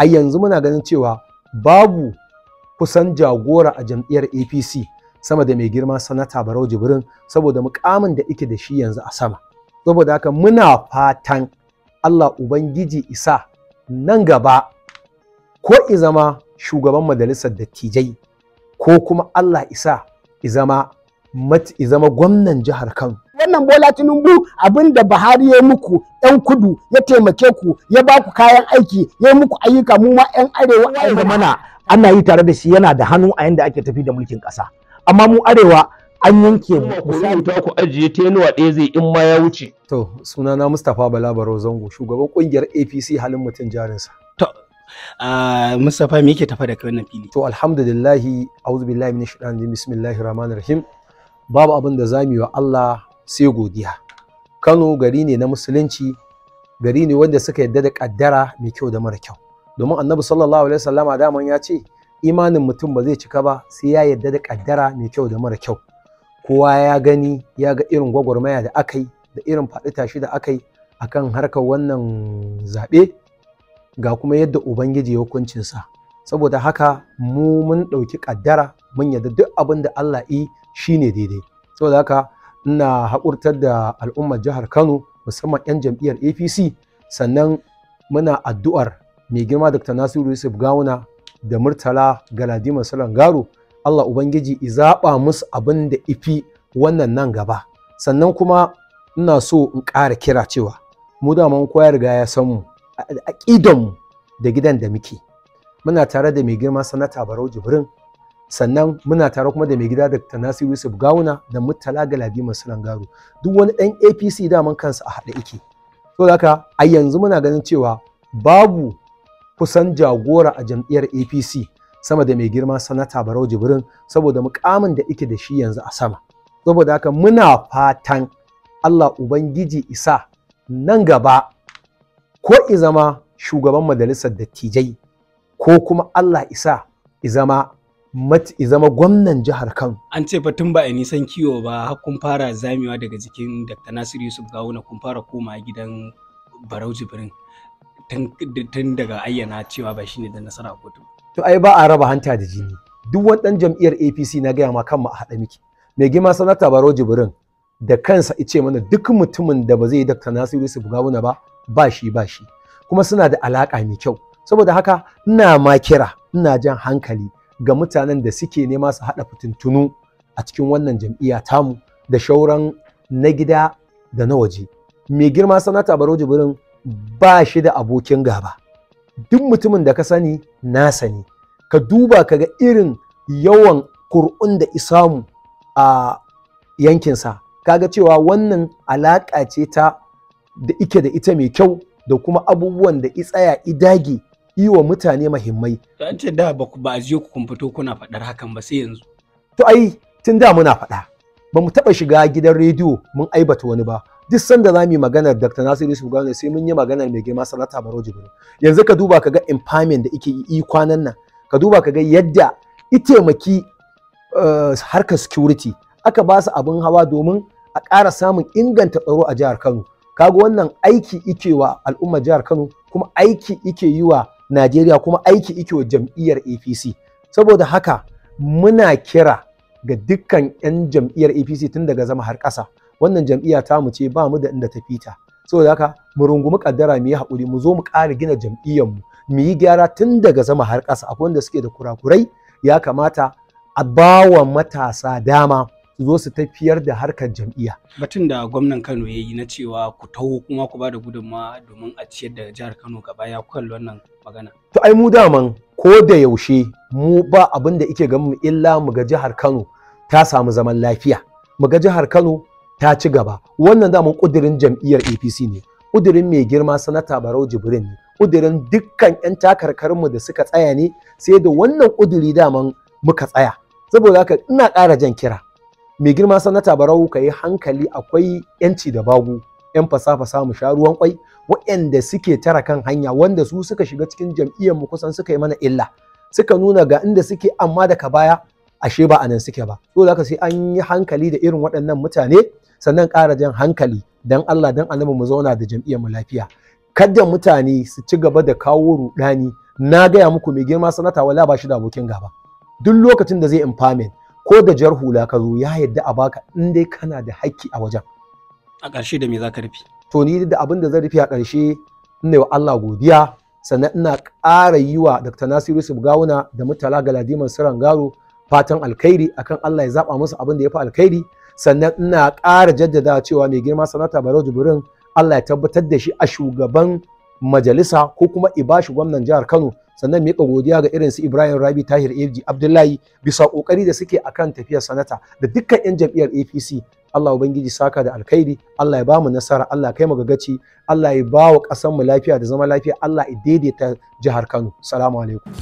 a yanzu muna ganin cewa babu kusan jagora a jam'iyyar apc sama da mai girma sanata barau jibrin saboda mukamin da ike da shi yanzu a sama saboda haka muna fatan allah ubangiji isa nan gaba ko izama shugaban majalisar dattijai ko kuma allah isa izama izama gwamnan jihar kano wannan Bola Tinubu abin da Buhari ya muku yan kudu ya taimake ku ya ba ku kayan aiki ya muku ayyuka mu ma yan arewa a mana ana yi tare da shi yana da hannu a yanda ake tafi da mulkin ƙasa amma mu arewa an yanke mu ta ku ajiye tenuwa ɗaya zai in ma ya wuce to sunana Mustapha Bala Baro Zango shugaban kungiyar APC halin mutum jarinsa to Uh, Mustapha me yake tafa da kai wannan fili? To alhamdulillahi auzu billahi minash shaitani bismillahir rahmanir rahim babu abin da zamu yi wa Allah sai godiya kano gari ne na musulunci gari ne wanda suka yadda da kaddara mai kyau da mara kyau domin annabi sallallahu alaihi wasallama daman ya ce imanin mutum ba zai cika ba sai ya yadda da kaddara mai kyau da mara kyau kowa ya gani ya ga irin gwagwarmaya da aka yi da irin faɗi tashi da aka yi akan harkar wannan zaɓe ga kuma yadda ubangiji ya hukuncin sa. saboda haka mu mun ɗauki kaddara mun yarda duk abin da Allah yi shine daidai saboda haka ina haƙurtar da al'ummar jihar Kano musamman 'yan jam'iyyar APC sannan muna addu'ar mai girma Dr. Nasiru Yusuf Gawuna da Murtala Galadima Salangaro Allah Ubangiji zaɓa musu abin da ifi wannan nan gaba sannan kuma ina so in ƙara kira cewa mu da mun koyar ga ya san mu a mu, da gidan da muke muna tare da mai girma sanata Barau Jibrin sannan muna tare kuma da mai gida Dr. Nasiru Yusuf Gawuna da Murtala Muttala Galabi rangaro duk wani ɗan APC daman kansa a haɗa ike. to haka a yanzu muna ganin cewa babu kusan jagora a jam'iyyar APC sama da mai girma sanata Barau Jibrin saboda mukamin da ike da shi yanzu a sama saboda haka muna fatan Allah Ubangiji isa nan gaba ko i zama shugaban majalisar dattijai ko kuma Allah isa i zama mat zama gwamnan jihar Kano. An ce fa tun ba a nisan kiwo ba har kun fara zamewa daga jikin Dr. Nasiru Yusuf Gawuna kun fara koma gidan Barau Jibrin tun daga ayyana cewa ba shine da nasara kotu. To ai ba a raba hanta da jini. Duk wani dan jam'iyyar APC na gaya ma kanmu a haɗa miki. Mai gima sanata Barau Jibrin da kansa ice mana duk mutumin da ba zai yi Dr. Nasiru Yusuf Gawuna ba ba shi ba shi. Kuma suna da alaƙa mai kyau. Saboda haka ina ma kira ina jan hankali ga mutanen da suke nema su haɗa fitintunu a cikin wannan jam'iyya tamu da shauran na gida da na waje mai girma sanata baro jibirin ba shi da abokin gaba duk mutumin da ka sani na sani ka duba ka ga irin yawan kur'un da isamu a yankinsa ga cewa wannan alaƙa ce ta da ike da ita mai kyau da kuma abubuwan da i tsaya i dage yi wa mutane mahimmai. To an ce da ba a ku kun fito kuna faɗar hakan ba sai yanzu. To ai tun da muna faɗa ba mu taɓa shiga gidan rediyo mun aibata wani ba duk sanda za mu yi maganar Dr. Nasiru Yusuf Gano sai mun yi maganar mai girma Sanata Baro Jibril. Yanzu ka duba ka ga empowerment da ike yi kwanan nan ka duba ka ga yadda itaimaki eh, harkar security aka ba su abin hawa domin a ƙara samun inganta tsaro a jihar Kano. Kaga wannan aiki ike wa al'ummar jihar Kano kuma aiki ike yi wa Najeriya kuma aiki ike jam'iyyar APC saboda haka muna kira ga dukkan 'yan jam'iyyar APC tun daga zama har ƙasa wannan jam'iyya ta mu ce ba mu da inda ta fita saboda haka mu rungumi kaddara mu yi haƙuri mu zo mu ƙara gina jam'iyyar mu mu yi gyara tun daga zama har ƙasa akwai wanda suke da kurakurai ya kamata a bawa matasa dama zo su tafiyar da harkar jam'iyya. Batun da gwamnan Kano ya yi na cewa ku taho kuma ku ba da gudunmawa domin a ciyar da jihar Kano gaba ya kuka wannan magana. To ai mu daman ko da yaushe mu ba abin da ike gamu illa mu ga jihar Kano ta samu zaman lafiya. Mu ga jihar Kano ta ci gaba. Wannan daman kudirin jam'iyyar APC ne. Kudirin mai girma sanata Barau Jibrin ne. Kudirin dukkan 'yan takarkarinmu da suka tsaya ne sai da wannan kudiri daman muka tsaya. Saboda haka ina ƙara jan kira mai girma sanata barau ka yi hankali akwai yanci da bagu yan fasafa samu sha ruwan kwai waɗanda suke tara kan hanya wanda su suka shiga cikin jam'iyyar mu kusan suka yi mana illa suka nuna ga inda suke amma daga baya ashe ba a nan suke ba to zaka sai an yi hankali da irin waɗannan mutane sannan ƙara jan hankali dan Allah dan annabi mu zauna da jam'iyyar mu lafiya kada mutane su ci gaba da kawo rudani na gaya muku mai girma sanata wala ba shi da abokin gaba duk lokacin da zai impairment ko da jar hula ka zo ya yadda a baka in dai kana da haƙƙi a wajen a ƙarshe da me za ka rufe to ni da abin da zan rufe a ƙarshe ina wa Allah godiya sannan ina ƙara yi wa Dr. Nasiru Yusuf Gawuna da Murtala Galadiman Sarangaro fatan alkhairi akan Allah ya zaɓa musu abin da ya fi alkhairi sannan ina ƙara jaddada cewa mai girma sanata Barau Jibrin Allah ya tabbatar da shi a shugaban majalisa ko kuma ibashi gwamnan jihar Kano sannan mika godiya ga irin su Ibrahim Rabi Tahir Eji Abdullahi bisa ƙoƙari da suke akan tafiyar sanata da dukkan 'yan jam'iyyar APC Allah Ubangiji saka da alkhairi Allah ya bamu nasara Allah kai mu gaci. Allah ya bawa ƙasar mu lafiya da zama lafiya Allah ya daidaita jihar Kano salamu alaikum